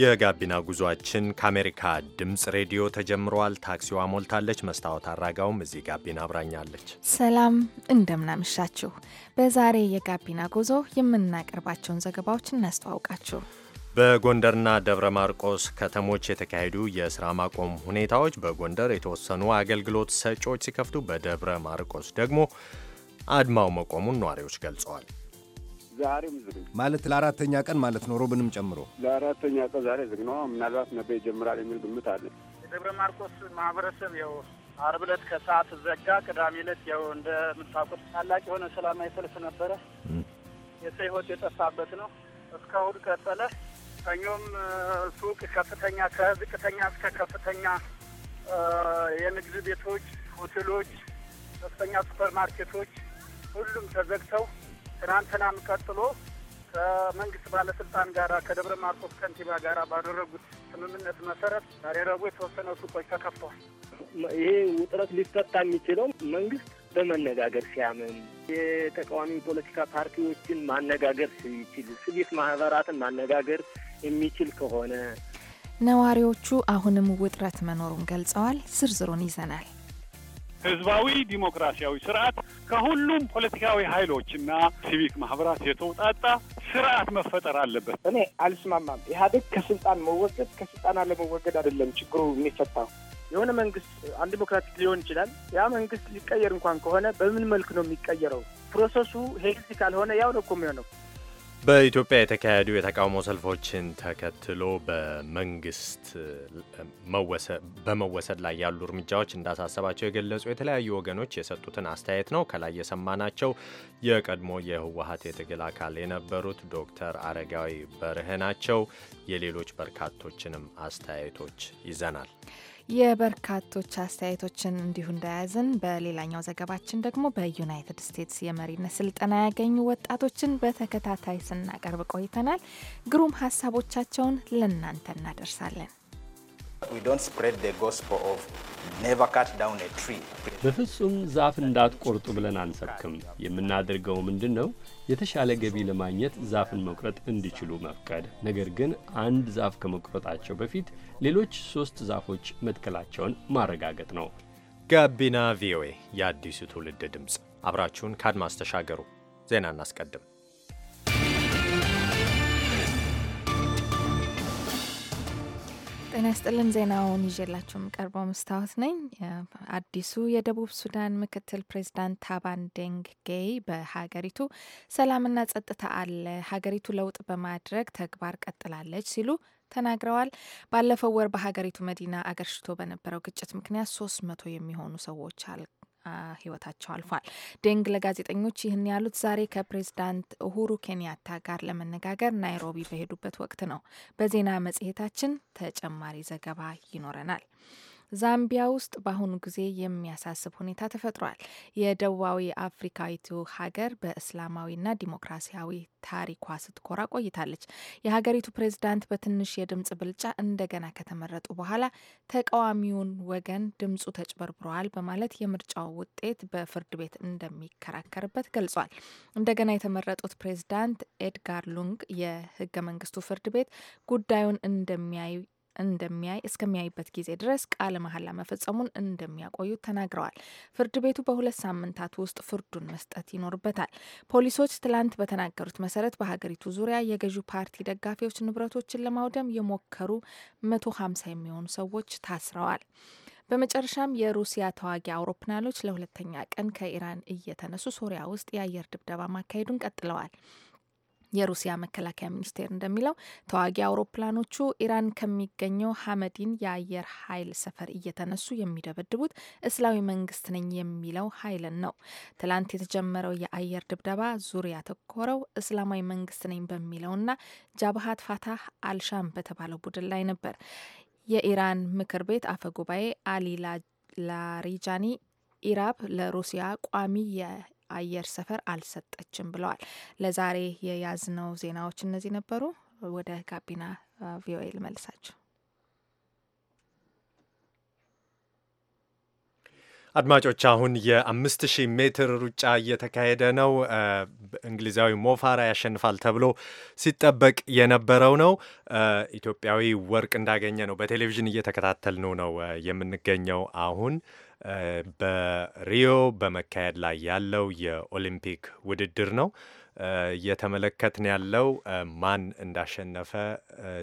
የጋቢና ጉዟችን ከአሜሪካ ድምፅ ሬዲዮ ተጀምረዋል። ታክሲዋ ሞልታለች። መስታወት አራጋውም እዚህ ጋቢና አብራኛለች። ሰላም እንደምናመሻችሁ። በዛሬ የጋቢና ጉዞ የምናቀርባቸውን ዘገባዎች እናስተዋውቃችሁ። በጎንደርና ደብረ ማርቆስ ከተሞች የተካሄዱ የስራ ማቆም ሁኔታዎች፣ በጎንደር የተወሰኑ አገልግሎት ሰጪዎች ሲከፍቱ፣ በደብረ ማርቆስ ደግሞ አድማው መቆሙን ነዋሪዎች ገልጸዋል። ዛሬም ዝግ ማለት ለአራተኛ ቀን ማለት ነው፣ ሮብንም ጨምሮ ለአራተኛ ቀን ዛሬ ዝግ ነው። ምናልባት ነገ ይጀምራል የሚል ግምት አለ። የደብረ ማርቆስ ማህበረሰብ ያው አርብ ዕለት ከሰዓት ዘጋ። ቅዳሜ ዕለት ያው እንደምታውቁት ታላቅ የሆነ ሰላማዊ ሰልፍ ነበረ። የሰው ሕይወት የጠፋበት ነው። እስከ እሑድ ቀጠለ። ሰኞም ሱቅ ከፍተኛ ከዝቅተኛ እስከ ከፍተኛ የንግድ ቤቶች፣ ሆቴሎች፣ ከፍተኛ ሱፐር ማርኬቶች ሁሉም ተዘግተው ትናንትናም ቀጥሎ ከመንግስት ባለስልጣን ጋር ከደብረ ማርቆስ ከንቲባ ጋር ባደረጉት ስምምነት መሰረት ዛሬ ረቡዕ የተወሰነ ሱቆች ተከፍተዋል። ይሄ ውጥረት ሊፈታ የሚችለው መንግስት በመነጋገር ሲያምን፣ የተቃዋሚ ፖለቲካ ፓርቲዎችን ማነጋገር ሲችል፣ ሲቪክ ማህበራትን ማነጋገር የሚችል ከሆነ ነዋሪዎቹ አሁንም ውጥረት መኖሩን ገልጸዋል። ዝርዝሩን ይዘናል። ህዝባዊ ዲሞክራሲያዊ ስርዓት ከሁሉም ፖለቲካዊ ኃይሎችና ሲቪክ ማህበራት የተውጣጣ ስርዓት መፈጠር አለበት። እኔ አልስማማም። ኢህአዴግ ከስልጣን መወገድ ከስልጣን አለመወገድ አይደለም ችግሩ የሚፈታው። የሆነ መንግስት አንድ ዲሞክራቲክ ሊሆን ይችላል። ያ መንግስት ሊቀየር እንኳን ከሆነ በምን መልክ ነው የሚቀየረው? ፕሮሰሱ ሄልዚ ካልሆነ ያው ነው እኮ የሚሆነው። በኢትዮጵያ የተካሄዱ የተቃውሞ ሰልፎችን ተከትሎ በመንግስት በመወሰድ ላይ ያሉ እርምጃዎች እንዳሳሰባቸው የገለጹ የተለያዩ ወገኖች የሰጡትን አስተያየት ነው። ከላይ የሰማናቸው የቀድሞ የህወሀት የትግል አካል የነበሩት ዶክተር አረጋዊ በርህ ናቸው። የሌሎች በርካቶችንም አስተያየቶች ይዘናል። የበርካቶች አስተያየቶችን እንዲሁ እንደያዝን በሌላኛው ዘገባችን ደግሞ በዩናይትድ ስቴትስ የመሪነት ስልጠና ያገኙ ወጣቶችን በተከታታይ ስናቀርብ ቆይተናል። ግሩም ሀሳቦቻቸውን ለእናንተ እናደርሳለን። በፍጹም ዛፍ እንዳትቆርጡ ብለን አንሰብክም። የምናደርገው ምንድን ነው? የተሻለ ገቢ ለማግኘት ዛፍን መቁረጥ እንዲችሉ መፍቀድ፣ ነገር ግን አንድ ዛፍ ከመቁረጣቸው በፊት ሌሎች ሶስት ዛፎች መትከላቸውን ማረጋገጥ ነው። ጋቢና ቪኦኤ፣ የአዲሱ ትውልድ ድምፅ። አብራችሁን ከአድማስ ተሻገሩ። ዜና እናስቀድም። ጤና ይስጥልን። ዜናውን ይዤላችሁ የምቀርበው መስታወት ነኝ። አዲሱ የደቡብ ሱዳን ምክትል ፕሬዚዳንት ታባን ጌይ በሀገሪቱ ሰላምና ጸጥታ አለ፣ ሀገሪቱ ለውጥ በማድረግ ተግባር ቀጥላለች ሲሉ ተናግረዋል። ባለፈው ወር በሀገሪቱ መዲና አገርሽቶ በነበረው ግጭት ምክንያት ሶስት መቶ የሚሆኑ ሰዎች አል ህይወታቸው አልፏል። ዴንግ ለጋዜጠኞች ይህን ያሉት ዛሬ ከፕሬዚዳንት ኡሁሩ ኬንያታ ጋር ለመነጋገር ናይሮቢ በሄዱበት ወቅት ነው። በዜና መጽሔታችን ተጨማሪ ዘገባ ይኖረናል። ዛምቢያ ውስጥ በአሁኑ ጊዜ የሚያሳስብ ሁኔታ ተፈጥሯል። የደቡባዊ አፍሪካዊቱ ሀገር በእስላማዊና ዲሞክራሲያዊ ታሪኳ ስትኮራ ቆይታለች። የሀገሪቱ ፕሬዝዳንት በትንሽ የድምጽ ብልጫ እንደገና ከተመረጡ በኋላ ተቃዋሚውን ወገን ድምጹ ተጭበርብረዋል በማለት የምርጫው ውጤት በፍርድ ቤት እንደሚከራከርበት ገልጿል። እንደገና የተመረጡት ፕሬዝዳንት ኤድጋር ሉንግ የህገ መንግስቱ ፍርድ ቤት ጉዳዩን እንደሚያዩ እንደሚያይ እስከሚያይበት ጊዜ ድረስ ቃለ መሐላ መፈጸሙን እንደሚያቆዩ ተናግረዋል። ፍርድ ቤቱ በሁለት ሳምንታት ውስጥ ፍርዱን መስጠት ይኖርበታል። ፖሊሶች ትላንት በተናገሩት መሰረት በሀገሪቱ ዙሪያ የገዢው ፓርቲ ደጋፊዎች ንብረቶችን ለማውደም የሞከሩ መቶ ሀምሳ የሚሆኑ ሰዎች ታስረዋል። በመጨረሻም የሩሲያ ተዋጊ አውሮፕላኖች ለሁለተኛ ቀን ከኢራን እየተነሱ ሶሪያ ውስጥ የአየር ድብደባ ማካሄዱን ቀጥለዋል። የሩሲያ መከላከያ ሚኒስቴር እንደሚለው ተዋጊ አውሮፕላኖቹ ኢራን ከሚገኘው ሀመዲን የአየር ኃይል ሰፈር እየተነሱ የሚደበድቡት እስላዊ መንግስት ነኝ የሚለው ኃይልን ነው። ትላንት የተጀመረው የአየር ድብደባ ዙሪያ ተኮረው እስላማዊ መንግስት ነኝ በሚለውና ጃብሃት ፋታህ አልሻም በተባለው ቡድን ላይ ነበር። የኢራን ምክር ቤት አፈ ጉባኤ አሊ ላሪጃኒ ኢራብ ለሩሲያ ቋሚ አየር ሰፈር አልሰጠችም ብለዋል። ለዛሬ የያዝነው ዜናዎች እነዚህ ነበሩ። ወደ ጋቢና ቪኦኤ ልመልሳችሁ። አድማጮች አሁን የአምስት ሺህ ሜትር ሩጫ እየተካሄደ ነው። እንግሊዛዊ ሞፋራ ያሸንፋል ተብሎ ሲጠበቅ የነበረው ነው። ኢትዮጵያዊ ወርቅ እንዳገኘ ነው በቴሌቪዥን እየተከታተል ነው ነው የምንገኘው አሁን በሪዮ በመካሄድ ላይ ያለው የኦሊምፒክ ውድድር ነው እየተመለከትን ያለው። ማን እንዳሸነፈ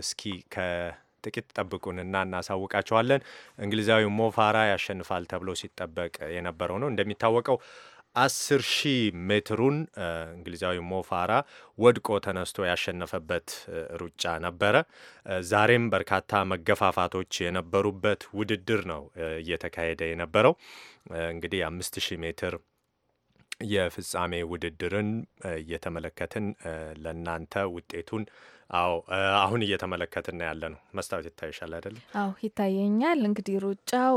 እስኪ ከጥቂት ጠብቁንና እናሳውቃቸዋለን። እንግሊዛዊ ሞፋራ ያሸንፋል ተብሎ ሲጠበቅ የነበረው ነው እንደሚታወቀው አስር ሺህ ሜትሩን እንግሊዛዊ ሞፋራ ወድቆ ተነስቶ ያሸነፈበት ሩጫ ነበረ። ዛሬም በርካታ መገፋፋቶች የነበሩበት ውድድር ነው እየተካሄደ የነበረው። እንግዲህ አምስት ሺህ ሜትር የፍጻሜ ውድድርን እየተመለከትን ለእናንተ ውጤቱን አዎ አሁን እየተመለከትና ያለ ነው። መስታወት ይታይሻል አይደለም? አዎ ይታየኛል። እንግዲህ ሩጫው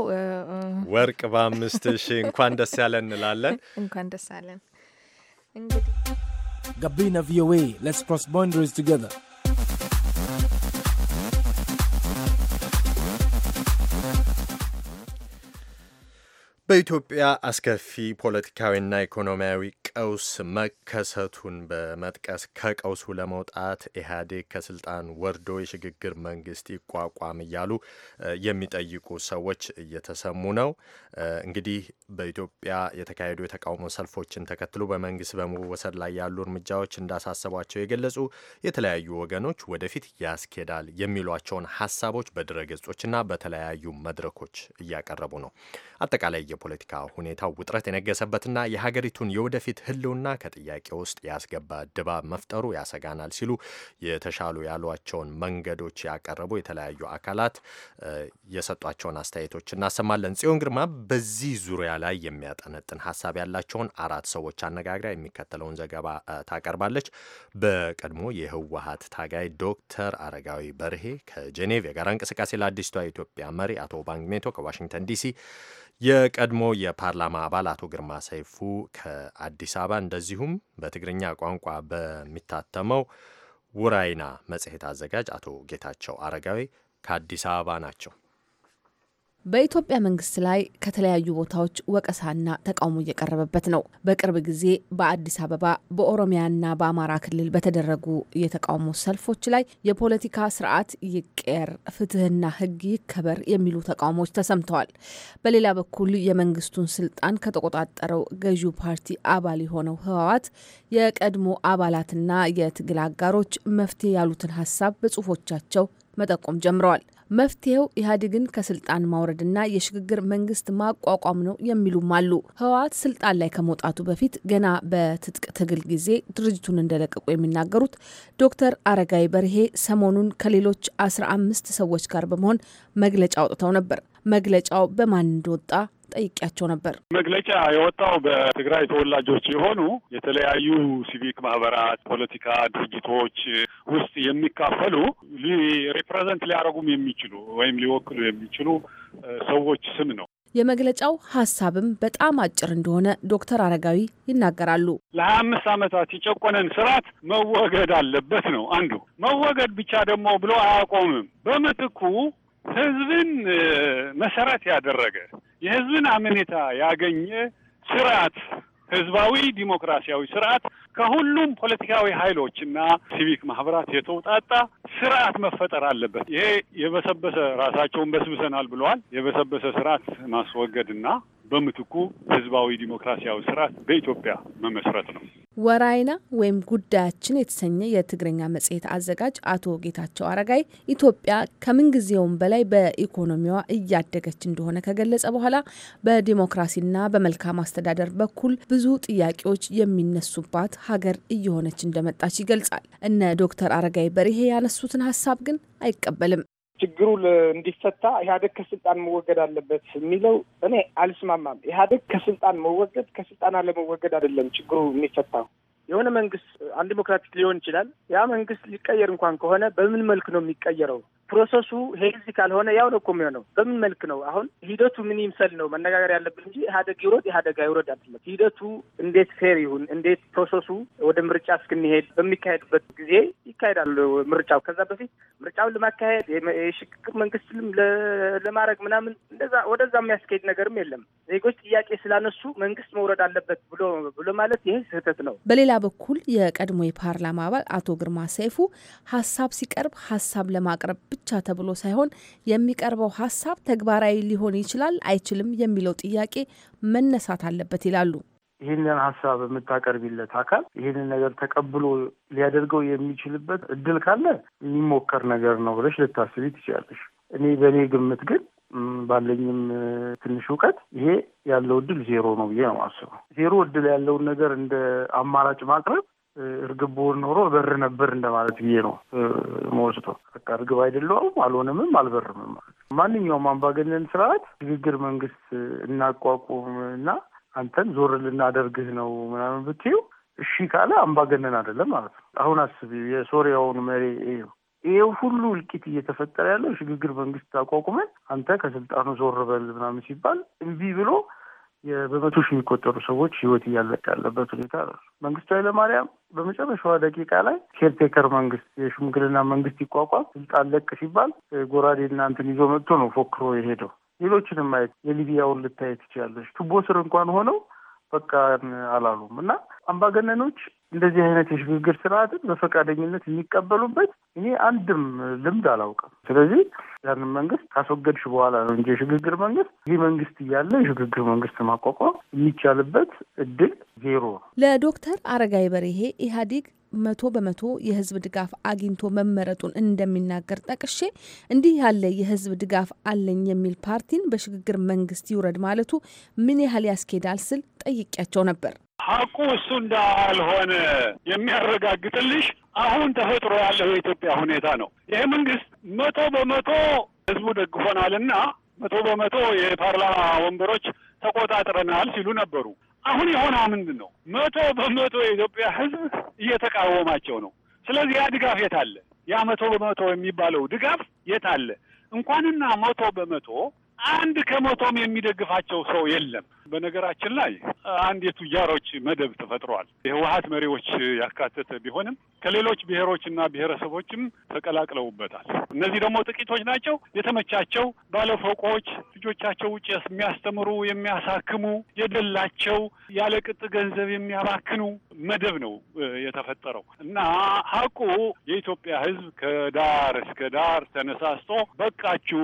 ወርቅ በአምስት ሺ እንኳን ደስ ያለን እንላለን። እንኳን ደስ ያለን እንግዲህ ጋቢና ቪኦኤ ሌትስ ክሮስ ቦንደሪስ ቱጌዘር በኢትዮጵያ አስከፊ ፖለቲካዊና ኢኮኖሚያዊ ቀውስ መከሰቱን በመጥቀስ ከቀውሱ ለመውጣት ኢህአዴግ ከስልጣን ወርዶ የሽግግር መንግስት ይቋቋም እያሉ የሚጠይቁ ሰዎች እየተሰሙ ነው። እንግዲህ በኢትዮጵያ የተካሄዱ የተቃውሞ ሰልፎችን ተከትሎ በመንግስት በመወሰድ ላይ ያሉ እርምጃዎች እንዳሳሰቧቸው የገለጹ የተለያዩ ወገኖች ወደፊት ያስኬዳል የሚሏቸውን ሀሳቦች በድረገጾችና በተለያዩ መድረኮች እያቀረቡ ነው። አጠቃላይ የፖለቲካ ሁኔታው ውጥረት የነገሰበትና የሀገሪቱን የወደፊት ህልውና ከጥያቄ ውስጥ ያስገባ ድባብ መፍጠሩ ያሰጋናል ሲሉ የተሻሉ ያሏቸውን መንገዶች ያቀረቡ የተለያዩ አካላት የሰጧቸውን አስተያየቶች እናሰማለን። ጽዮን ግርማ በዚህ ዙሪያ ላይ የሚያጠነጥን ሀሳብ ያላቸውን አራት ሰዎች አነጋግራ የሚከተለውን ዘገባ ታቀርባለች። በቀድሞ የህወሀት ታጋይ ዶክተር አረጋዊ በርሄ ከጄኔቭ የጋራ እንቅስቃሴ ለአዲስቷ ኢትዮጵያ መሪ አቶ ባንግሜቶ ከዋሽንግተን ዲሲ የቀድሞ የፓርላማ አባል አቶ ግርማ ሰይፉ ከአዲስ አበባ እንደዚሁም በትግርኛ ቋንቋ በሚታተመው ውራይና መጽሔት አዘጋጅ አቶ ጌታቸው አረጋዊ ከአዲስ አበባ ናቸው። በኢትዮጵያ መንግስት ላይ ከተለያዩ ቦታዎች ወቀሳና ተቃውሞ እየቀረበበት ነው። በቅርብ ጊዜ በአዲስ አበባ በኦሮሚያና በአማራ ክልል በተደረጉ የተቃውሞ ሰልፎች ላይ የፖለቲካ ስርዓት ይቀየር፣ ፍትህና ህግ ይከበር የሚሉ ተቃውሞዎች ተሰምተዋል። በሌላ በኩል የመንግስቱን ስልጣን ከተቆጣጠረው ገዢው ፓርቲ አባል የሆነው ህወሓት የቀድሞ አባላትና የትግል አጋሮች መፍትሄ ያሉትን ሀሳብ በጽሁፎቻቸው መጠቆም ጀምረዋል። መፍትሄው ኢህአዴግን ከስልጣን ማውረድና የሽግግር መንግስት ማቋቋም ነው የሚሉም አሉ። ህወሓት ስልጣን ላይ ከመውጣቱ በፊት ገና በትጥቅ ትግል ጊዜ ድርጅቱን እንደለቀቁ የሚናገሩት ዶክተር አረጋይ በርሄ ሰሞኑን ከሌሎች አስራ አምስት ሰዎች ጋር በመሆን መግለጫ አውጥተው ነበር። መግለጫው በማን እንደወጣ ጠይቄያቸው ነበር። መግለጫ የወጣው በትግራይ ተወላጆች የሆኑ የተለያዩ ሲቪክ ማህበራት፣ ፖለቲካ ድርጅቶች ውስጥ የሚካፈሉ ሪፕሬዘንት ሊያደርጉም የሚችሉ ወይም ሊወክሉ የሚችሉ ሰዎች ስም ነው። የመግለጫው ሀሳብም በጣም አጭር እንደሆነ ዶክተር አረጋዊ ይናገራሉ። ለሀያ አምስት ዓመታት የጨቆነን ስርዓት መወገድ አለበት ነው አንዱ። መወገድ ብቻ ደግሞ ብሎ አያቆምም። በምትኩ ህዝብን መሰረት ያደረገ የህዝብን አመኔታ ያገኘ ስርዓት ህዝባዊ ዲሞክራሲያዊ ስርዓት ከሁሉም ፖለቲካዊ ኃይሎችና ሲቪክ ማህበራት የተውጣጣ ስርዓት መፈጠር አለበት። ይሄ የበሰበሰ ራሳቸውን በስብሰናል ብለዋል። የበሰበሰ ስርዓት ማስወገድና በምትኩ ህዝባዊ ዲሞክራሲያዊ ስርዓት በኢትዮጵያ መመስረት ነው። ወራይና ወይም ጉዳያችን የተሰኘ የትግርኛ መጽሔት አዘጋጅ አቶ ጌታቸው አረጋይ ኢትዮጵያ ከምንጊዜውም በላይ በኢኮኖሚዋ እያደገች እንደሆነ ከገለጸ በኋላ በዲሞክራሲና በመልካም አስተዳደር በኩል ብዙ ጥያቄዎች የሚነሱባት ሀገር እየሆነች እንደመጣች ይገልጻል። እነ ዶክተር አረጋይ በርሄ ያነሱትን ሀሳብ ግን አይቀበልም። ችግሩ እንዲፈታ ኢህአዴግ ከስልጣን መወገድ አለበት የሚለው እኔ አልስማማም። ኢህአዴግ ከስልጣን መወገድ ከስልጣን አለመወገድ አይደለም ችግሩ የሚፈታው። የሆነ መንግስት አንዲሞክራቲክ ሊሆን ይችላል። ያ መንግስት ሊቀየር እንኳን ከሆነ በምን መልክ ነው የሚቀየረው? ፕሮሰሱ ሄዚ ካልሆነ ያው ነው እኮ የሚሆነው። በምን መልክ ነው አሁን ሂደቱ ምን ይምሰል ነው መነጋገር ያለብን እንጂ ኢህአደግ ይውረድ ኢህአደግ አይውረድ አይደለም። ሂደቱ እንዴት ፌር ይሁን፣ እንዴት ፕሮሰሱ ወደ ምርጫ እስክንሄድ በሚካሄድበት ጊዜ ይካሄዳል ምርጫው። ከዛ በፊት ምርጫውን ለማካሄድ የሽግግር መንግስትም ለማድረግ ምናምን እንደዛ ወደዛ የሚያስካሄድ ነገርም የለም። ዜጎች ጥያቄ ስላነሱ መንግስት መውረድ አለበት ብሎ ብሎ ማለት ይህ ስህተት ነው። በሌላ በኩል የቀድሞ የፓርላማ አባል አቶ ግርማ ሰይፉ ሀሳብ ሲቀርብ ሀሳብ ለማቅረብ ብቻ ተብሎ ሳይሆን የሚቀርበው ሀሳብ ተግባራዊ ሊሆን ይችላል አይችልም የሚለው ጥያቄ መነሳት አለበት ይላሉ። ይህንን ሀሳብ የምታቀርቢለት አካል ይህንን ነገር ተቀብሎ ሊያደርገው የሚችልበት እድል ካለ የሚሞከር ነገር ነው ብለሽ ልታስቢ ትችላለሽ። እኔ በእኔ ግምት ግን ባለኝም ትንሽ እውቀት ይሄ ያለው እድል ዜሮ ነው ብዬ ነው የማስበው። ዜሮ እድል ያለውን ነገር እንደ አማራጭ ማቅረብ እርግብ ብሆን ኖሮ በር ነበር እንደማለት ብዬ ነው መወስቶ። በቃ እርግብ አይደለሁም፣ አልሆንምም፣ አልበርምም ማለት ነው። ማንኛውም አምባገነን ስርዓት ሽግግር መንግስት እናቋቁም እና አንተን ዞር ልናደርግህ ነው ምናምን ብትዩ እሺ ካለ አምባገነን አይደለም ማለት ነው። አሁን አስብ የሶሪያውን መሪ ይሄ ሁሉ እልቂት እየተፈጠረ ያለው ሽግግር መንግስት አቋቁመን አንተ ከስልጣኑ ዞር በል ምናምን ሲባል እምቢ ብሎ በመቶ ሺህ የሚቆጠሩ ሰዎች ህይወት እያለቀ ያለበት ሁኔታ መንግስቱ ኃይለማርያም በመጨረሻዋ ደቂቃ ላይ ኬርቴከር መንግስት የሽምግልና መንግስት ይቋቋም ስልጣን ለቅ ሲባል ጎራዴ እናንትን ይዞ መጥቶ ነው ፎክሮ የሄደው። ሌሎችንም ማየት የሊቢያውን ልታየት ትችላለች። ቱቦ ስር እንኳን ሆነው በቃ አላሉም እና አምባገነኖች እንደዚህ አይነት የሽግግር ስርዓትን በፈቃደኝነት የሚቀበሉበት እኔ አንድም ልምድ አላውቅም። ስለዚህ ያንን መንግስት ካስወገድሽ በኋላ ነው እንጂ የሽግግር መንግስት ይህ መንግስት እያለ የሽግግር መንግስት ማቋቋም የሚቻልበት እድል ዜሮ ነው። ለዶክተር አረጋይ በርሄ ኢህአዴግ መቶ በመቶ የህዝብ ድጋፍ አግኝቶ መመረጡን እንደሚናገር ጠቅሼ እንዲህ ያለ የህዝብ ድጋፍ አለኝ የሚል ፓርቲን በሽግግር መንግስት ይውረድ ማለቱ ምን ያህል ያስኬዳል ስል ጠይቄያቸው ነበር። ሀቁ እሱ እንዳልሆነ የሚያረጋግጥልሽ አሁን ተፈጥሮ ያለው የኢትዮጵያ ሁኔታ ነው። ይሄ መንግስት መቶ በመቶ ህዝቡ ደግፎናልና መቶ በመቶ የፓርላማ ወንበሮች ተቆጣጥረናል ሲሉ ነበሩ። አሁን የሆነ ምንድን ነው? መቶ በመቶ የኢትዮጵያ ህዝብ እየተቃወማቸው ነው። ስለዚህ ያ ድጋፍ የት አለ? ያ መቶ በመቶ የሚባለው ድጋፍ የት አለ? እንኳንና መቶ በመቶ አንድ ከመቶም የሚደግፋቸው ሰው የለም። በነገራችን ላይ አንድ የቱጃሮች መደብ ተፈጥሯል። የህወሀት መሪዎች ያካተተ ቢሆንም ከሌሎች ብሔሮች እና ብሔረሰቦችም ተቀላቅለውበታል። እነዚህ ደግሞ ጥቂቶች ናቸው። የተመቻቸው ባለፎቆች፣ ልጆቻቸው ውጭ የሚያስተምሩ የሚያሳክሙ፣ የደላቸው ያለ ቅጥ ገንዘብ የሚያባክኑ መደብ ነው የተፈጠረው እና ሀቁ የኢትዮጵያ ህዝብ ከዳር እስከ ዳር ተነሳስቶ በቃችሁ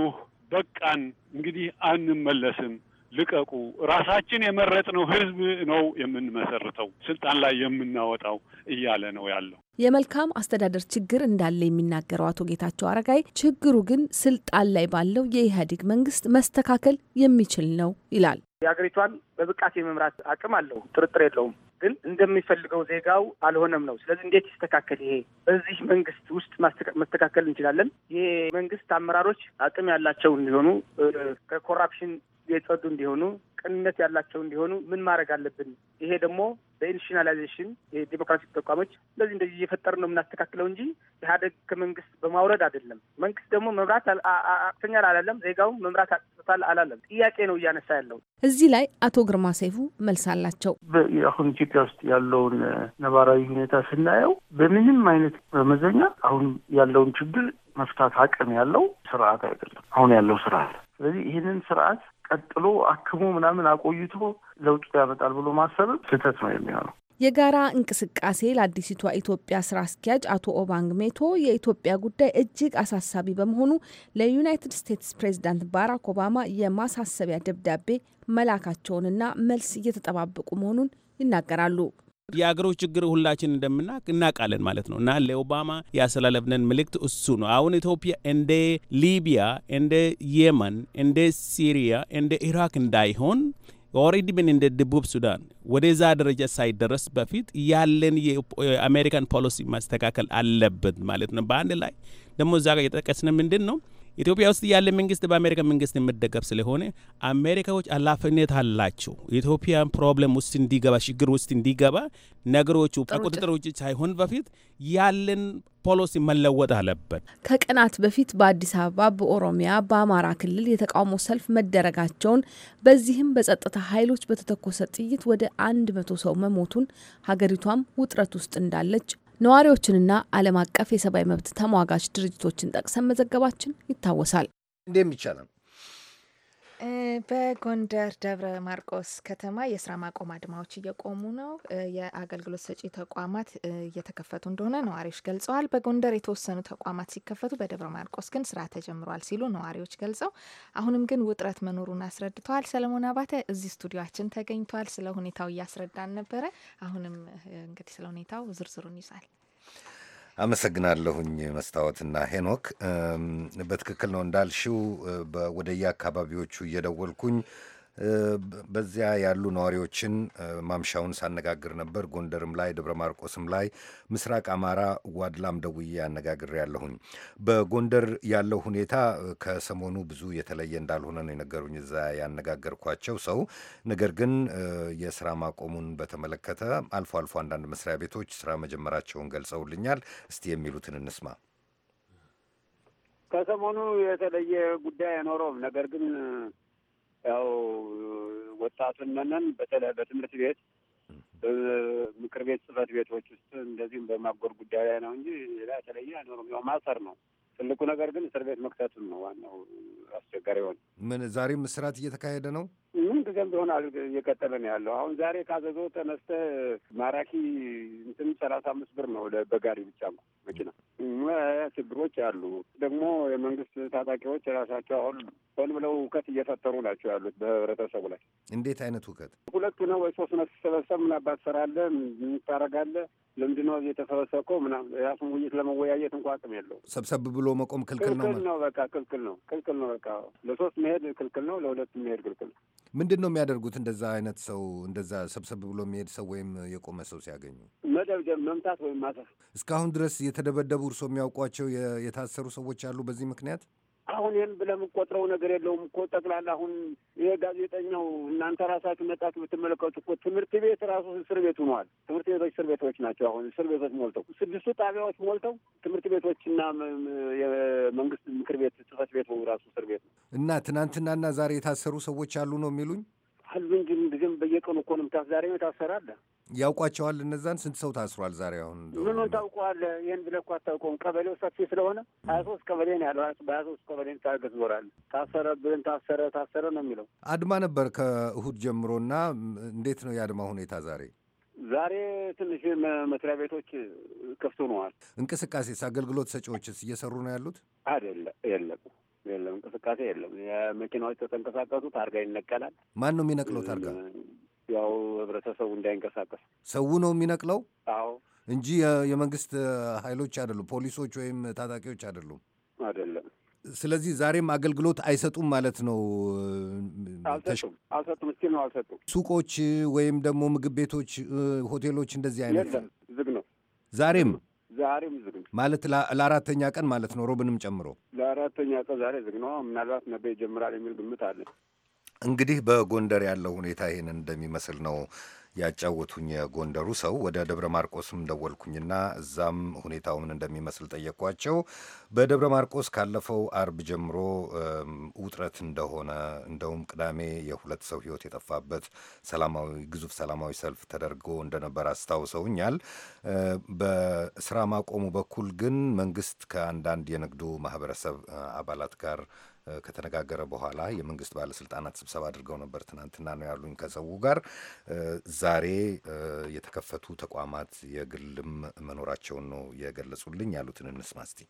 በቃን እንግዲህ አንመለስም ልቀቁ፣ ራሳችን የመረጥነው ህዝብ ነው የምንመሰርተው፣ ስልጣን ላይ የምናወጣው እያለ ነው ያለው። የመልካም አስተዳደር ችግር እንዳለ የሚናገረው አቶ ጌታቸው አረጋይ ችግሩ ግን ስልጣን ላይ ባለው የኢህአዴግ መንግስት መስተካከል የሚችል ነው ይላል። የሀገሪቷን በብቃት የመምራት አቅም አለው፣ ጥርጥር የለውም። ግን እንደሚፈልገው ዜጋው አልሆነም ነው። ስለዚህ እንዴት ይስተካከል? ይሄ በዚህ መንግስት ውስጥ መስተካከል እንችላለን። ይሄ መንግስት አመራሮች አቅም ያላቸው እንዲሆኑ ከኮራፕሽን የጸዱ እንዲሆኑ ቅንነት ያላቸው እንዲሆኑ ምን ማድረግ አለብን? ይሄ ደግሞ በኢንሽናላይዜሽን የዲሞክራሲ ተቋሞች እንደዚህ እንደዚህ እየፈጠር ነው የምናስተካክለው እንጂ ኢህአዴግ ከመንግስት በማውረድ አይደለም። መንግስት ደግሞ መምራት አቅተኛል አላለም፣ ዜጋውም መምራት አቅተታል አላለም። ጥያቄ ነው እያነሳ ያለው። እዚህ ላይ አቶ ግርማ ሰይፉ መልስ አላቸው። አሁን ኢትዮጵያ ውስጥ ያለውን ነባራዊ ሁኔታ ስናየው በምንም አይነት በመዘኛ አሁን ያለውን ችግር መፍታት አቅም ያለው ስርዓት አይደለም አሁን ያለው ስርዓት። ስለዚህ ይህንን ስርዓት ቀጥሎ አክሞ ምናምን አቆይቶ ለውጥ ያመጣል ብሎ ማሰብም ስህተት ነው የሚሆነው። የጋራ እንቅስቃሴ ለአዲሲቷ ኢትዮጵያ ስራ አስኪያጅ አቶ ኦባንግ ሜቶ የኢትዮጵያ ጉዳይ እጅግ አሳሳቢ በመሆኑ ለዩናይትድ ስቴትስ ፕሬዚዳንት ባራክ ኦባማ የማሳሰቢያ ደብዳቤ መላካቸውንና መልስ እየተጠባበቁ መሆኑን ይናገራሉ። የአገሮች ችግር ሁላችን እንደምናቅ እናቃለን ማለት ነው። እና ለኦባማ ያስተላለፍነን ምልክት እሱ ነው። አሁን ኢትዮጵያ እንደ ሊቢያ፣ እንደ የመን፣ እንደ ሲሪያ፣ እንደ ኢራክ እንዳይሆን ኦሬዲ ምን እንደ ደቡብ ሱዳን ወደዛ ደረጃ ሳይደረስ በፊት ያለን የአሜሪካን ፖሊሲ ማስተካከል አለበት ማለት ነው። በአንድ ላይ ደግሞ እዛ ጋር የጠቀስን ምንድን ነው ኢትዮጵያ ውስጥ ያለ መንግስት በአሜሪካ መንግስት የምደገፍ ስለሆነ አሜሪካዎች ኃላፊነት አላቸው። ኢትዮጵያ ፕሮብለም ውስጥ እንዲገባ ችግር ውስጥ እንዲገባ ነገሮቹ ከቁጥጥር ውጭ ሳይሆን በፊት ያለን ፖሊሲ መለወጥ አለበት። ከቀናት በፊት በአዲስ አበባ፣ በኦሮሚያ፣ በአማራ ክልል የተቃውሞ ሰልፍ መደረጋቸውን በዚህም በጸጥታ ኃይሎች በተተኮሰ ጥይት ወደ አንድ መቶ ሰው መሞቱን ሀገሪቷም ውጥረት ውስጥ እንዳለች ነዋሪዎችንና ዓለም አቀፍ የሰብአዊ መብት ተሟጋች ድርጅቶችን ጠቅሰን መዘገባችን ይታወሳል። እንዴም ይቻላል በጎንደር ደብረ ማርቆስ ከተማ የስራ ማቆም አድማዎች እየቆሙ ነው። የአገልግሎት ሰጪ ተቋማት እየተከፈቱ እንደሆነ ነዋሪዎች ገልጸዋል። በጎንደር የተወሰኑ ተቋማት ሲከፈቱ፣ በደብረ ማርቆስ ግን ስራ ተጀምሯል ሲሉ ነዋሪዎች ገልጸው አሁንም ግን ውጥረት መኖሩን አስረድተዋል። ሰለሞን አባተ እዚህ ስቱዲዮችን ተገኝቷል። ስለ ሁኔታው እያስረዳን ነበረ። አሁንም እንግዲህ ስለ ሁኔታው ዝርዝሩን ይዛል። አመሰግናለሁኝ መስታወትና ሄኖክ። በትክክል ነው እንዳልሽው ወደየ አካባቢዎቹ እየደወልኩኝ በዚያ ያሉ ነዋሪዎችን ማምሻውን ሳነጋግር ነበር። ጎንደርም ላይ ደብረ ማርቆስም ላይ ምስራቅ አማራ ዋድላም ደውዬ አነጋግር ያለሁኝ። በጎንደር ያለው ሁኔታ ከሰሞኑ ብዙ የተለየ እንዳልሆነ ነው የነገሩኝ እዛ ያነጋገርኳቸው ሰው። ነገር ግን የስራ ማቆሙን በተመለከተ አልፎ አልፎ አንዳንድ መስሪያ ቤቶች ስራ መጀመራቸውን ገልጸውልኛል። እስቲ የሚሉትን እንስማ። ከሰሞኑ የተለየ ጉዳይ አይኖረውም። ነገር ግን ያው መነን በተለይ በትምህርት ቤት ምክር ቤት ጽህፈት ቤቶች ውስጥ እንደዚህም በማጎር ጉዳይ ላይ ነው እንጂ ሌላ የተለየ አይኖርም። ያው ማሰር ነው ትልቁ ነገር ግን እስር ቤት መክተቱን ነው ዋናው አስቸጋሪ የሆነ። ምን ዛሬም እስራት እየተካሄደ ነው። ምን ጊዜም ቢሆን እየቀጠለ ነው ያለው። አሁን ዛሬ ካዘዞ ተነስተ ማራኪ እንትን ሰላሳ አምስት ብር ነው በጋሪ ብቻ መኪና። ችግሮች አሉ ደግሞ የመንግስት ታጣቂዎች ራሳቸው አሁን ሆን ብለው እውከት እየፈጠሩ ናቸው ያሉት በህብረተሰቡ ላይ። እንዴት አይነት እውከት? ሁለቱ ነው ወይ ሶስት ነው ሲሰበሰብ ምን አባት ትሰራለህ? ምን ታደርጋለህ? ለምንድን ነው እየተሰበሰብከው? ምናምን ያሱን ውይይት ለመወያየት እንኳ አቅም የለው ሰብሰብ ብሎ ብሎ መቆም ክልክል ነው። ነው፣ በቃ ክልክል ነው፣ ክልክል ነው። በቃ ለሶስት መሄድ ክልክል ነው፣ ለሁለት መሄድ ክልክል ነው። ምንድን ነው የሚያደርጉት? እንደዛ አይነት ሰው እንደዛ ሰብሰብ ብሎ የሚሄድ ሰው ወይም የቆመ ሰው ሲያገኙ መደብደብ፣ መምታት ወይም ማሰር። እስካሁን ድረስ የተደበደቡ እርስዎ የሚያውቋቸው የታሰሩ ሰዎች አሉ በዚህ ምክንያት? አሁን ይህን ብለህ የምቆጥረው ነገር የለውም እኮ ጠቅላላ አሁን ይሄ ጋዜጠኛው እናንተ ራሳችሁ መጣችሁ ብትመለከቱ እኮ ትምህርት ቤት ራሱ እስር ቤት ሆኗል። ትምህርት ቤቶች እስር ቤቶች ናቸው። አሁን እስር ቤቶች ሞልተው ስድስቱ ጣቢያዎች ሞልተው ትምህርት ቤቶችና የመንግስት ምክር ቤት ጽህፈት ቤት ራሱ እስር ቤት ነው እና ትናንትናና ዛሬ የታሰሩ ሰዎች አሉ ነው የሚሉኝ አሉ እንጂ ዝም በየቀኑ እኮ ነው የምታስ ዛሬ የታሰራለ ያውቋቸዋል እነዛን ስንት ሰው ታስሯል ዛሬ አሁን ምኑን ታውቀዋል ይህን ብለህ እኮ አታውቀውም ቀበሌው ሰፊ ስለሆነ ሀያ ሶስት ቀበሌ ነው ያለው በሀያ ሶስት ቀበሌ ታገዝ ዞራል ብን ታሰረ ታሰረ ነው የሚለው አድማ ነበር ከእሁድ ጀምሮ እና እንዴት ነው የአድማ ሁኔታ ዛሬ ዛሬ ትንሽ መስሪያ ቤቶች ክፍት ሆነዋል እንቅስቃሴስ አገልግሎት ሰጪዎችስ እየሰሩ ነው ያሉት አይደለ የለም የለም እንቅስቃሴ የለም የመኪናዎች ተንቀሳቀሱ ታርጋ ይነቀላል ማን ነው የሚነቅለው ታርጋ ያው ህብረተሰቡ እንዳይንቀሳቀስ ሰው ነው የሚነቅለው። አዎ እንጂ የመንግስት ኃይሎች አይደሉም፣ ፖሊሶች ወይም ታጣቂዎች አይደሉም። አይደለም። ስለዚህ ዛሬም አገልግሎት አይሰጡም ማለት ነው። አልሰጡም አልሰጡም፣ እስኪ ነው አልሰጡም። ሱቆች ወይም ደግሞ ምግብ ቤቶች፣ ሆቴሎች እንደዚህ አይነት ዝግ ነው ዛሬም ዛሬም ዝግ ነው ማለት ለአራተኛ ቀን ማለት ነው፣ ሮብንም ጨምሮ ለአራተኛ ቀን ዛሬ ዝግ ነው። ምናልባት ነበ ይጀምራል የሚል ግምት አለ። እንግዲህ በጎንደር ያለው ሁኔታ ይህን እንደሚመስል ነው ያጫወቱኝ የጎንደሩ ሰው። ወደ ደብረ ማርቆስም ደወልኩኝና እዛም ሁኔታው ምን እንደሚመስል ጠየቅኳቸው። በደብረ ማርቆስ ካለፈው አርብ ጀምሮ ውጥረት እንደሆነ እንደውም ቅዳሜ የሁለት ሰው ሕይወት የጠፋበት ሰላማዊ ግዙፍ ሰላማዊ ሰልፍ ተደርጎ እንደነበር አስታውሰውኛል። በስራ ማቆሙ በኩል ግን መንግስት ከአንዳንድ የንግዱ ማህበረሰብ አባላት ጋር ከተነጋገረ በኋላ የመንግስት ባለስልጣናት ስብሰባ አድርገው ነበር። ትናንትና ነው ያሉኝ ከሰው ጋር። ዛሬ የተከፈቱ ተቋማት የግልም መኖራቸውን ነው የገለጹልኝ። ያሉትን እንስማ እስቲ።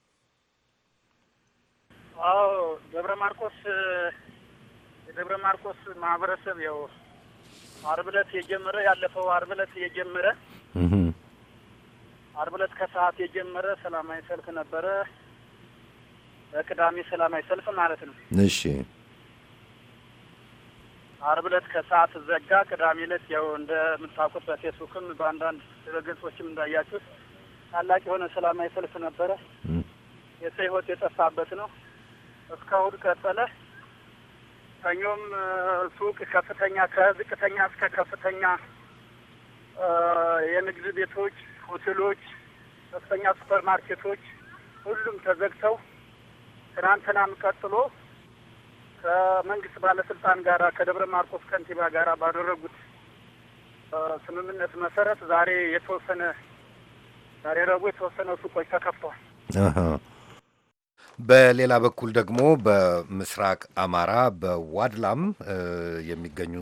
አዎ ደብረ ማርቆስ የደብረ ማርቆስ ማህበረሰብ ያው አርብ ዕለት የጀመረ ያለፈው አርብ ዕለት የጀመረ አርብ ዕለት ከሰዓት የጀመረ ሰላማዊ ሰልፍ ነበረ። በቅዳሜ ሰላማዊ ሰልፍ ማለት ነው። እሺ አርብ ዕለት ከሰዓት ዘጋ። ቅዳሜ ዕለት ያው እንደምታውቁት በፌስቡክም በአንዳንድ ድረገጾችም እንዳያችሁት ታላቅ የሆነ ሰላማዊ ሰልፍ ነበረ። የሰው ሕይወት የጠፋበት ነው። እስካሁን ቀጠለ። ሰኞም ሱቅ ከፍተኛ ከዝቅተኛ እስከ ከፍተኛ የንግድ ቤቶች፣ ሆቴሎች፣ ከፍተኛ ሱፐር ማርኬቶች ሁሉም ተዘግተው ትናንትናም ቀጥሎ ከመንግስት ባለስልጣን ጋር ከደብረ ማርቆስ ከንቲባ ጋር ባደረጉት ስምምነት መሰረት ዛሬ የተወሰነ ዛሬ ረቡዕ የተወሰነ ሱቆች ተከፍተዋል። በሌላ በኩል ደግሞ በምስራቅ አማራ በዋድላም የሚገኙ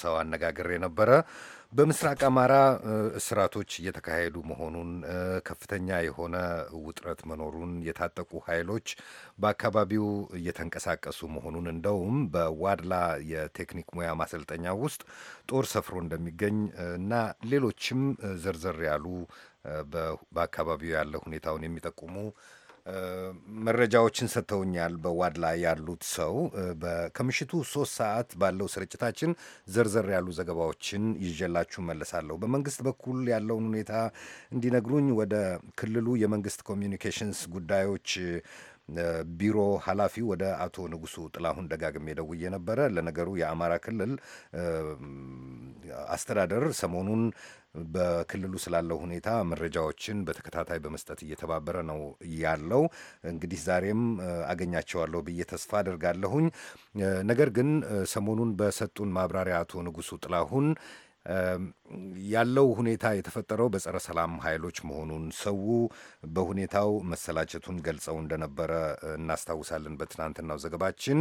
ሰው አነጋግሬ ነበረ። በምስራቅ አማራ እስራቶች እየተካሄዱ መሆኑን፣ ከፍተኛ የሆነ ውጥረት መኖሩን፣ የታጠቁ ኃይሎች በአካባቢው እየተንቀሳቀሱ መሆኑን እንደውም በዋድላ የቴክኒክ ሙያ ማሰልጠኛ ውስጥ ጦር ሰፍሮ እንደሚገኝ እና ሌሎችም ዘርዘር ያሉ በአካባቢው ያለ ሁኔታውን የሚጠቁሙ መረጃዎችን ሰጥተውኛል። ላይ ያሉት ሰው ከምሽቱ ሶስት ሰዓት ባለው ስርጭታችን ዘርዘር ያሉ ዘገባዎችን ይዤላችሁ መለሳለሁ። በመንግስት በኩል ያለውን ሁኔታ እንዲነግሩኝ ወደ ክልሉ የመንግስት ኮሚዩኒኬሽንስ ጉዳዮች ቢሮ ኃላፊ ወደ አቶ ንጉሱ ጥላሁን ደጋግሜ ደውዬ ነበረ። ለነገሩ የአማራ ክልል አስተዳደር ሰሞኑን በክልሉ ስላለው ሁኔታ መረጃዎችን በተከታታይ በመስጠት እየተባበረ ነው ያለው። እንግዲህ ዛሬም አገኛቸዋለሁ ብዬ ተስፋ አድርጋለሁኝ። ነገር ግን ሰሞኑን በሰጡን ማብራሪያ አቶ ንጉሱ ጥላሁን ያለው ሁኔታ የተፈጠረው በጸረ ሰላም ኃይሎች መሆኑን ሰው በሁኔታው መሰላቸቱን ገልጸው እንደነበረ እናስታውሳለን በትናንትናው ዘገባችን።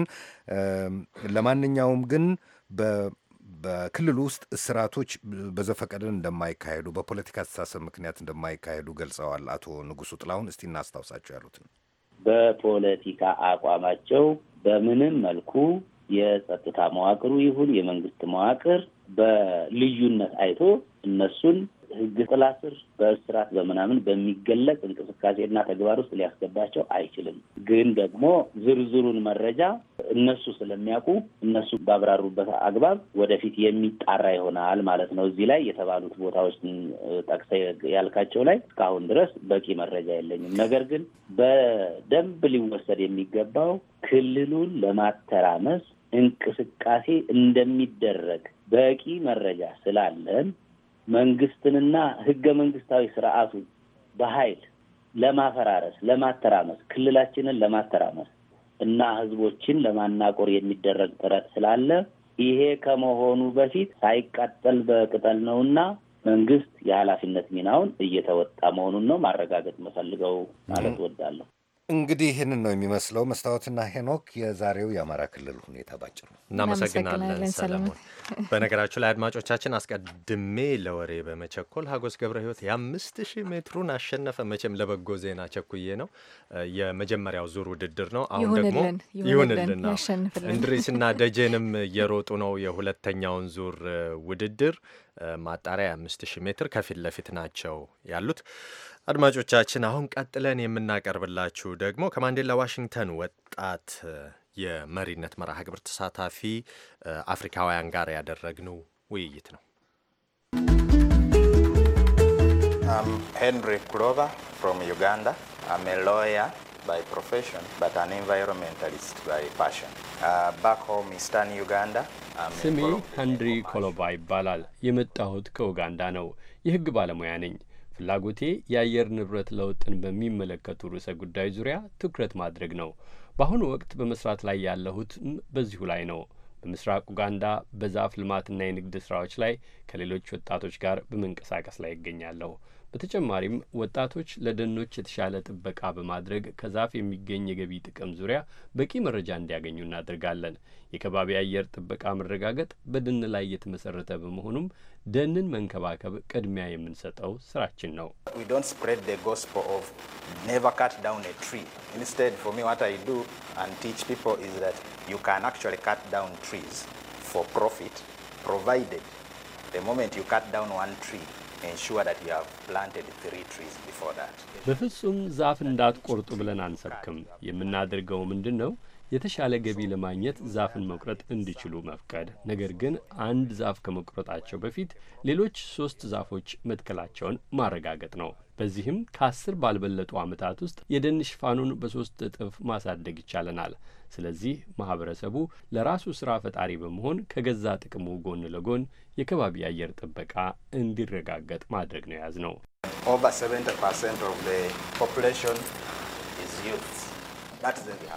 ለማንኛውም ግን በክልሉ ውስጥ እስራቶች በዘፈቀደ እንደማይካሄዱ፣ በፖለቲካ አስተሳሰብ ምክንያት እንደማይካሄዱ ገልጸዋል አቶ ንጉሱ ጥላሁን። እስቲ እናስታውሳቸው ያሉትን በፖለቲካ አቋማቸው በምንም መልኩ የጸጥታ መዋቅሩ ይሁን የመንግስት መዋቅር በልዩነት አይቶ እነሱን ህግ ጥላ ስር በእስራት በምናምን በሚገለጽ እንቅስቃሴና ተግባር ውስጥ ሊያስገባቸው አይችልም። ግን ደግሞ ዝርዝሩን መረጃ እነሱ ስለሚያውቁ እነሱ ባብራሩበት አግባብ ወደፊት የሚጣራ ይሆናል ማለት ነው። እዚህ ላይ የተባሉት ቦታዎች ጠቅሰ ያልካቸው ላይ እስካሁን ድረስ በቂ መረጃ የለኝም። ነገር ግን በደንብ ሊወሰድ የሚገባው ክልሉን ለማተራመስ እንቅስቃሴ እንደሚደረግ በቂ መረጃ ስላለን መንግስትንና ህገ መንግስታዊ ስርዓቱን በኃይል ለማፈራረስ፣ ለማተራመስ፣ ክልላችንን ለማተራመስ እና ህዝቦችን ለማናቆር የሚደረግ ጥረት ስላለ ይሄ ከመሆኑ በፊት ሳይቃጠል በቅጠል ነውና መንግስት የኃላፊነት ሚናውን እየተወጣ መሆኑን ነው ማረጋገጥ መፈልገው ማለት ወዳለሁ። እንግዲህ ይህንን ነው የሚመስለው። መስታወትና ሄኖክ፣ የዛሬው የአማራ ክልል ሁኔታ ባጭር ነው። እናመሰግናለን ሰለሞን። በነገራችሁ ላይ አድማጮቻችን፣ አስቀድሜ ለወሬ በመቸኮል ሀጎስ ገብረ ህይወት የአምስት ሺህ ሜትሩን አሸነፈ። መቼም ለበጎ ዜና ቸኩዬ ነው። የመጀመሪያው ዙር ውድድር ነው። አሁን ደግሞ ይሁንልና እንድሪስና ደጀንም እየሮጡ ነው። የሁለተኛውን ዙር ውድድር ማጣሪያ የአምስት ሺህ ሜትር ከፊት ለፊት ናቸው ያሉት አድማጮቻችን አሁን ቀጥለን የምናቀርብላችሁ ደግሞ ከማንዴላ ዋሽንግተን ወጣት የመሪነት መርሃ ግብር ተሳታፊ አፍሪካውያን ጋር ያደረግነው ውይይት ነው። ሄንሪ ኩሎባ ፍሮም ዩጋንዳ አም ሎየር ስሜ ሄንሪ ኮሎባ ይባላል። የመጣሁት ከኡጋንዳ ነው። የህግ ባለሙያ ነኝ። ፍላጎቴ የአየር ንብረት ለውጥን በሚመለከቱ ርዕሰ ጉዳይ ዙሪያ ትኩረት ማድረግ ነው። በአሁኑ ወቅት በመስራት ላይ ያለሁትም በዚሁ ላይ ነው። በምስራቅ ኡጋንዳ በዛፍ ልማትና የንግድ ስራዎች ላይ ከሌሎች ወጣቶች ጋር በመንቀሳቀስ ላይ ይገኛለሁ። በተጨማሪም ወጣቶች ለደኖች የተሻለ ጥበቃ በማድረግ ከዛፍ የሚገኝ የገቢ ጥቅም ዙሪያ በቂ መረጃ እንዲያገኙ እናደርጋለን። የከባቢ አየር ጥበቃ መረጋገጥ በደን ላይ የተመሰረተ በመሆኑም ደንን መንከባከብ ቅድሚያ የምንሰጠው ስራችን ነው። ፕሮቫይደድ ሞመንት ዩ ካት ዳውን ዋን ትሪ በፍጹም ዛፍ እንዳትቆርጡ ብለን አንሰብክም። የምናደርገው ምንድን ነው? የተሻለ ገቢ ለማግኘት ዛፍን መቁረጥ እንዲችሉ መፍቀድ፣ ነገር ግን አንድ ዛፍ ከመቁረጣቸው በፊት ሌሎች ሶስት ዛፎች መትከላቸውን ማረጋገጥ ነው። በዚህም ከአስር ባልበለጡ ዓመታት ውስጥ የደን ሽፋኑን በሶስት እጥፍ ማሳደግ ይቻለናል። ስለዚህ ማህበረሰቡ ለራሱ ስራ ፈጣሪ በመሆን ከገዛ ጥቅሙ ጎን ለጎን የከባቢ አየር ጥበቃ እንዲረጋገጥ ማድረግ ነው የያዝ ነው።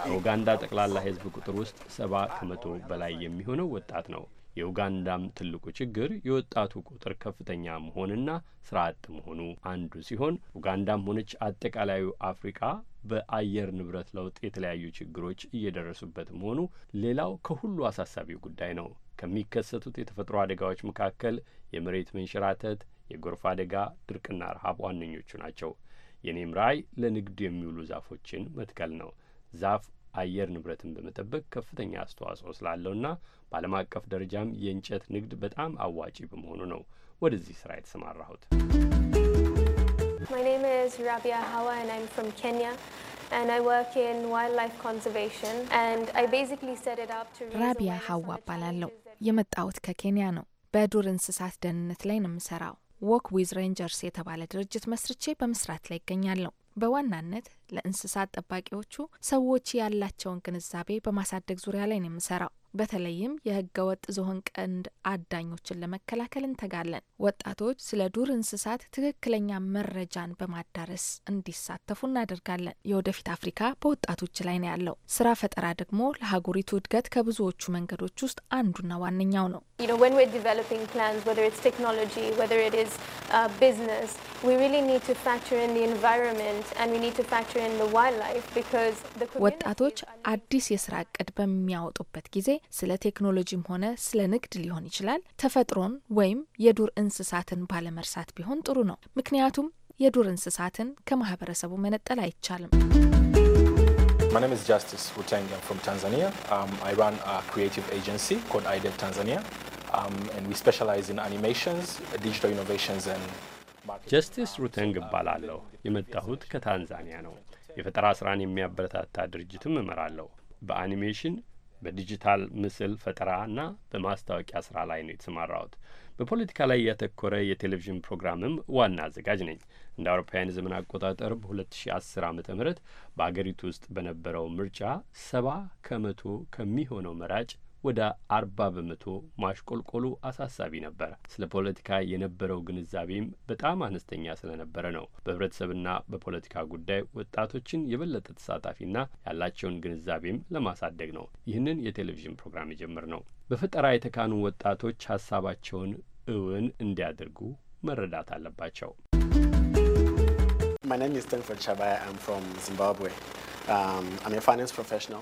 ከኡጋንዳ ጠቅላላ ህዝብ ቁጥር ውስጥ ሰባ ከመቶ በላይ የሚሆነው ወጣት ነው። የኡጋንዳም ትልቁ ችግር የወጣቱ ቁጥር ከፍተኛ መሆንና ስራ አጥ መሆኑ አንዱ ሲሆን ኡጋንዳም ሆነች አጠቃላዩ አፍሪቃ በአየር ንብረት ለውጥ የተለያዩ ችግሮች እየደረሱበት መሆኑ ሌላው ከሁሉ አሳሳቢው ጉዳይ ነው። ከሚከሰቱት የተፈጥሮ አደጋዎች መካከል የመሬት መንሸራተት፣ የጎርፍ አደጋ፣ ድርቅና ረሀብ ዋነኞቹ ናቸው። የኔም ራዕይ ለንግድ የሚውሉ ዛፎችን መትከል ነው። ዛፍ አየር ንብረትን በመጠበቅ ከፍተኛ አስተዋጽኦ ስላለውና በዓለም አቀፍ ደረጃም የእንጨት ንግድ በጣም አዋጪ በመሆኑ ነው ወደዚህ ስራ የተሰማራሁት። ራቢያ ሀዋ እባላለሁ። የመጣሁት ከኬንያ ነው። በዱር እንስሳት ደህንነት ላይ ነው የምሰራው። ዎክ ዊዝ ሬንጀርስ የተባለ ድርጅት መስርቼ በመስራት ላይ ይገኛለሁ። በዋናነት ለእንስሳት ጠባቂዎቹ ሰዎች ያላቸውን ግንዛቤ በማሳደግ ዙሪያ ላይ ነው የምሰራው። በተለይም የህገወጥ ዝሆን ቀንድ አዳኞችን ለመከላከል እንተጋለን። ወጣቶች ስለ ዱር እንስሳት ትክክለኛ መረጃን በማዳረስ እንዲሳተፉ እናደርጋለን። የወደፊት አፍሪካ በወጣቶች ላይ ነው ያለው። ስራ ፈጠራ ደግሞ ለሀገሪቱ እድገት ከብዙዎቹ መንገዶች ውስጥ አንዱና ዋነኛው ነው። uh, ወጣቶች አዲስ የስራ እቅድ በሚያወጡበት ጊዜ ስለ ቴክኖሎጂም ሆነ ስለ ንግድ ሊሆን ይችላል፣ ተፈጥሮን ወይም የዱር እንስሳትን ባለመርሳት ቢሆን ጥሩ ነው። ምክንያቱም የዱር እንስሳትን ከማህበረሰቡ መነጠል አይቻልም። My name is Justice Wutenge. I'm from Tanzania. Um, I run a creative agency called e Tanzania. Um, and we specialize in animations, digital innovations and የመጣሁት ከታንዛኒያ ነው። የፈጠራ ስራን የሚያበረታታ ድርጅትም እመራለሁ። በአኒሜሽን በዲጂታል ምስል ፈጠራ በማስታወቂያ ስራ ላይ ነው የተሰማራሁት። በፖለቲካ ላይ ያተኮረ የቴሌቪዥን ፕሮግራምም ዋና አዘጋጅ ነኝ። እንደ አውሮፓውያን ዘመን አቆጣጠር በ2010 ዓ ም በአገሪቱ ውስጥ በነበረው ምርጫ ሰባ ከመቶ ከሚሆነው መራጭ ወደ አርባ በመቶ ማሽቆልቆሉ አሳሳቢ ነበር። ስለ ፖለቲካ የነበረው ግንዛቤም በጣም አነስተኛ ስለነበረ ነው በህብረተሰብና በፖለቲካ ጉዳይ ወጣቶችን የበለጠ ተሳታፊና ያላቸውን ግንዛቤም ለማሳደግ ነው ይህንን የቴሌቪዥን ፕሮግራም የጀምር ነው። በፈጠራ የተካኑ ወጣቶች ሀሳባቸውን እውን እንዲያደርጉ መረዳት አለባቸው። My name is Stanford Chabaya. I'm from Zimbabwe. Um, I'm a finance professional.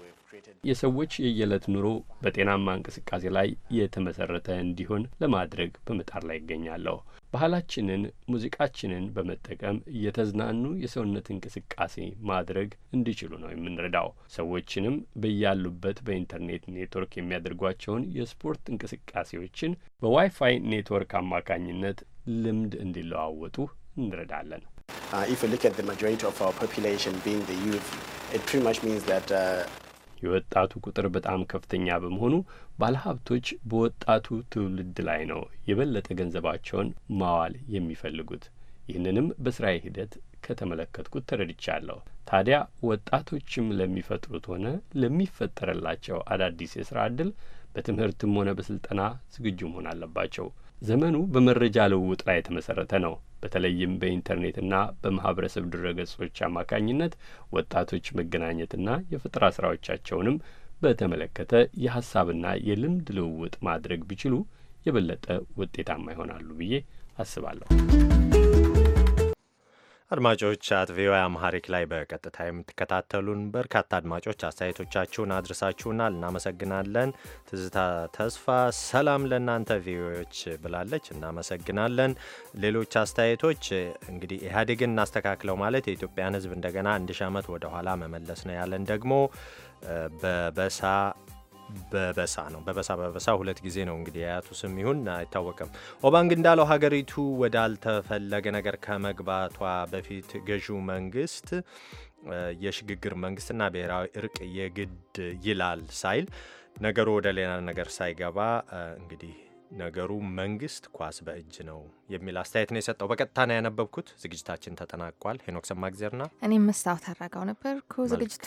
የሰዎች የየዕለት ኑሮ በጤናማ እንቅስቃሴ ላይ የተመሰረተ እንዲሆን ለማድረግ በመጣር ላይ ይገኛለሁ። ባህላችንን፣ ሙዚቃችንን በመጠቀም እየተዝናኑ የሰውነት እንቅስቃሴ ማድረግ እንዲችሉ ነው የምንረዳው። ሰዎችንም በያሉበት በኢንተርኔት ኔትወርክ የሚያደርጓቸውን የስፖርት እንቅስቃሴዎችን በዋይፋይ ኔትወርክ አማካኝነት ልምድ እንዲለዋወጡ እንረዳለን። ኢፍ ዩ ሉክ አት ማጆሪቲ ኦፍ አወር ቢንግ ዘ ዩዝ ኢት ሚንስ ዛት የወጣቱ ቁጥር በጣም ከፍተኛ በመሆኑ ባለሀብቶች በወጣቱ ትውልድ ላይ ነው የበለጠ ገንዘባቸውን ማዋል የሚፈልጉት። ይህንንም በስራዬ ሂደት ከተመለከትኩት ተረድቻለሁ። ታዲያ ወጣቶችም ለሚፈጥሩት ሆነ ለሚፈጠርላቸው አዳዲስ የስራ እድል በትምህርትም ሆነ በስልጠና ዝግጁ መሆን አለባቸው። ዘመኑ በመረጃ ልውውጥ ላይ የተመሰረተ ነው። በተለይም በኢንተርኔትና በማህበረሰብ ድረገጾች አማካኝነት ወጣቶች መገናኘትና የፈጠራ ስራዎቻቸውንም በተመለከተ የሀሳብና የልምድ ልውውጥ ማድረግ ቢችሉ የበለጠ ውጤታማ ይሆናሉ ብዬ አስባለሁ። አድማጮች አት ቪኦኤ አምሃሪክ ላይ በቀጥታ የምትከታተሉን በርካታ አድማጮች አስተያየቶቻችሁን አድርሳችሁናል፣ እናመሰግናለን። ትዝታ ተስፋ ሰላም ለእናንተ ቪኦኤዎች ብላለች፣ እናመሰግናለን። ሌሎች አስተያየቶች እንግዲህ ኢህአዴግን እናስተካክለው ማለት የኢትዮጵያን ሕዝብ እንደገና አንድ ሺህ ዓመት ወደኋላ መመለስ ነው ያለን ደግሞ በበሳ በበሳ ነው። በበሳ በበሳ ሁለት ጊዜ ነው እንግዲህ የአያቱ ስም ይሁን አይታወቅም። ኦባንግ እንዳለው ሀገሪቱ ወዳልተፈለገ ነገር ከመግባቷ በፊት ገዢው መንግስት የሽግግር መንግስትና ብሔራዊ እርቅ የግድ ይላል ሳይል ነገሩ ወደ ሌላ ነገር ሳይገባ እንግዲህ ነገሩ መንግስት ኳስ በእጅ ነው የሚል አስተያየት ነው የሰጠው። በቀጥታ ነው ያነበብኩት። ዝግጅታችን ተጠናቋል። ሄኖክ ሰማግዜርና እኔም መስታወት አድረጋው ነበርኩ። ዝግጅቱ